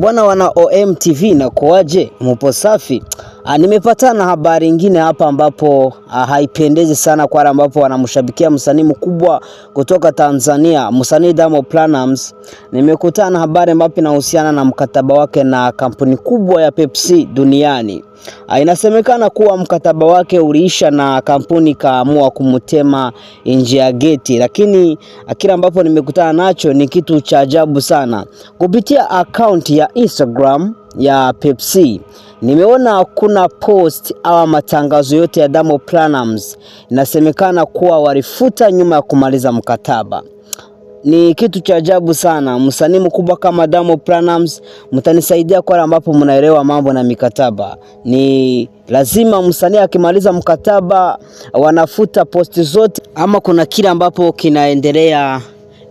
Bwana wana omtv na kuwaje, mupo safi? Ah, nimepatana na habari ingine hapa ambapo ah, haipendezi sana kwa ambapo wanamshabikia msanii mkubwa kutoka Tanzania, msanii Diamond Platnumz. Nimekutana na habari ambapo inahusiana na mkataba wake na kampuni kubwa ya Pepsi duniani. Ah, inasemekana kuwa mkataba wake uliisha na kampuni ikaamua kumtema nje ya geti, lakini ah, kile ambapo nimekutana nacho ni kitu cha ajabu sana. Kupitia akaunti ya Instagram ya Pepsi nimeona kuna post au matangazo yote ya Diamond Platnumz, inasemekana kuwa walifuta nyuma ya kumaliza mkataba. Ni kitu cha ajabu sana, msanii mkubwa kama Damo Pranams, Mtanisaidia kwa ambapo mnaelewa mambo na mikataba. Ni lazima msanii akimaliza mkataba wanafuta posti zote, ama kuna kile ambapo kinaendelea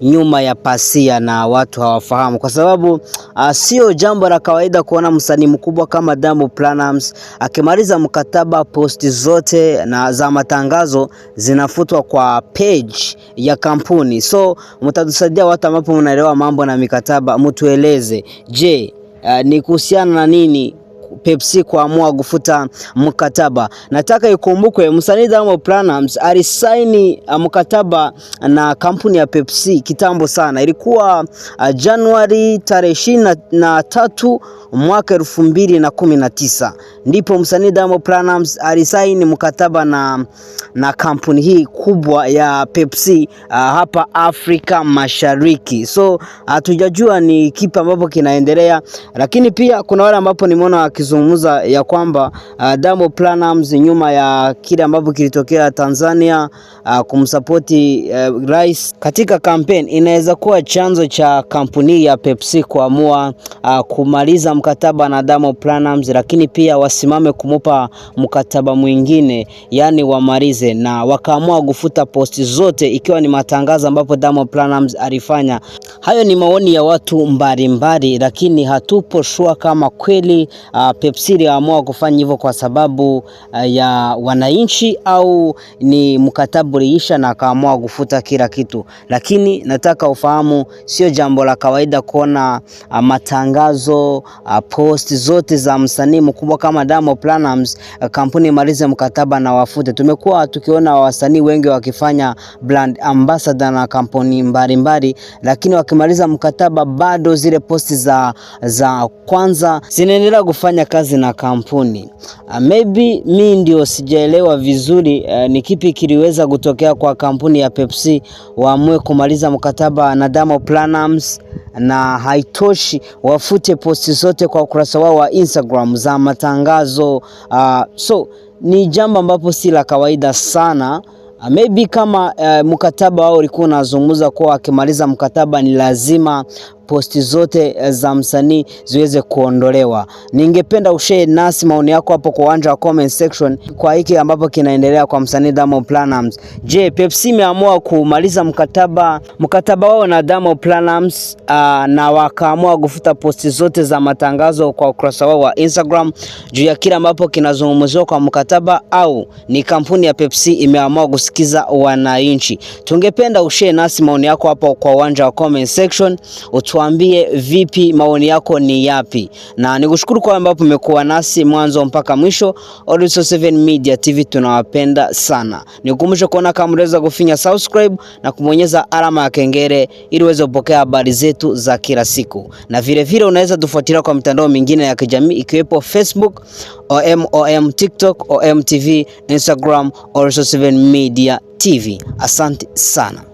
nyuma ya pasia na watu hawafahamu, kwa sababu uh, sio jambo la kawaida kuona msanii mkubwa kama Diamond Platnumz akimaliza mkataba, posti zote na za matangazo zinafutwa kwa page ya kampuni. So mtatusaidia watu ambapo mnaelewa mambo na mikataba, mtueleze, je, uh, ni kuhusiana na nini Pepsi kuamua kufuta mkataba. Nataka ikumbukwe msanii Diamond Platnumz alisaini uh, mkataba na kampuni ya Pepsi kitambo sana, ilikuwa uh, Januari tarehe ishirini na tatu mwaka elfu mbili na kumi na tisa ndipo msanii Diamond Platnumz alisaini mkataba na na kampuni hii kubwa ya Pepsi uh, hapa Afrika Mashariki. So hatujajua ni kipi ambapo kinaendelea, lakini pia kuna wale ambapo nimeona wakizungumza ya kwamba uh, Diamond Platnumz nyuma ya kile ambapo kilitokea Tanzania uh, kumsapoti uh, rais katika campaign inaweza kuwa chanzo cha kampuni ya Pepsi kuamua uh, kumaliza mkataba na Diamond Platnumz, lakini pia wasimame kumupa mkataba mwingine, yani wamalize wasikilize, na wakaamua kufuta posti zote, ikiwa ni matangazo ambapo Diamond Platnumz alifanya. Hayo ni maoni ya watu mbalimbali, mbali, lakini hatupo shua kama kweli uh, Pepsi iliamua kufanya hivyo kwa sababu uh, ya wananchi au ni mkataba uliisha na akaamua kufuta kila kitu, lakini nataka ufahamu, sio jambo la kawaida kuona uh, matangazo uh, posti zote za msanii mkubwa kama Diamond Platnumz, uh, kampuni imalize mkataba na wafute. Tumekuwa tukiona wasanii wengi wakifanya brand ambassador na kampuni mbalimbali, lakini wakimaliza mkataba bado zile posti za, za kwanza zinaendelea kufanya kazi na kampuni. Uh, maybe mi ndio sijaelewa vizuri uh, ni kipi kiliweza kutokea kwa kampuni ya Pepsi waamue kumaliza mkataba na Damo Planums na haitoshi wafute posti zote kwa ukurasa wao wa Instagram za matangazo uh, so ni jambo ambapo si la kawaida sana. Uh, maybe kama uh, mkataba wao ulikuwa unazungumza kuwa akimaliza mkataba ni lazima posti zote eh, za msanii ziweze kuondolewa. Ningependa ushare nasi maoni yako hapo kwa uwanja wa comment section kwa hiki ambapo kinaendelea kwa msanii Diamond Platnumz. Je, Pepsi imeamua kumaliza mkataba mkataba wao na Diamond Platnumz uh, na wakaamua kufuta posti zote za matangazo kwa ukurasa wao wa Instagram juu ya kile ambapo kinazungumziwa kwa mkataba, au ni kampuni ya Pepsi imeamua kusikiza wananchi? Tungependa ushare nasi maoni yako hapo kwa uwanja wa comment section. Utua tuambie vipi, maoni yako ni yapi, na nikushukuru kwa ambapo umekuwa nasi mwanzo mpaka mwisho. Olivisoro 7 Media TV tunawapenda sana. Nikukumbusha kuona kama unaweza kufinya subscribe na kubonyeza alama ya kengele ili uweze kupokea habari zetu za kila siku, na vile vile unaweza tufuatilia kwa mitandao mingine ya kijamii ikiwepo Facebook OM OM, TikTok OM TV, Instagram Olivisoro 7 Media TV. Asante sana.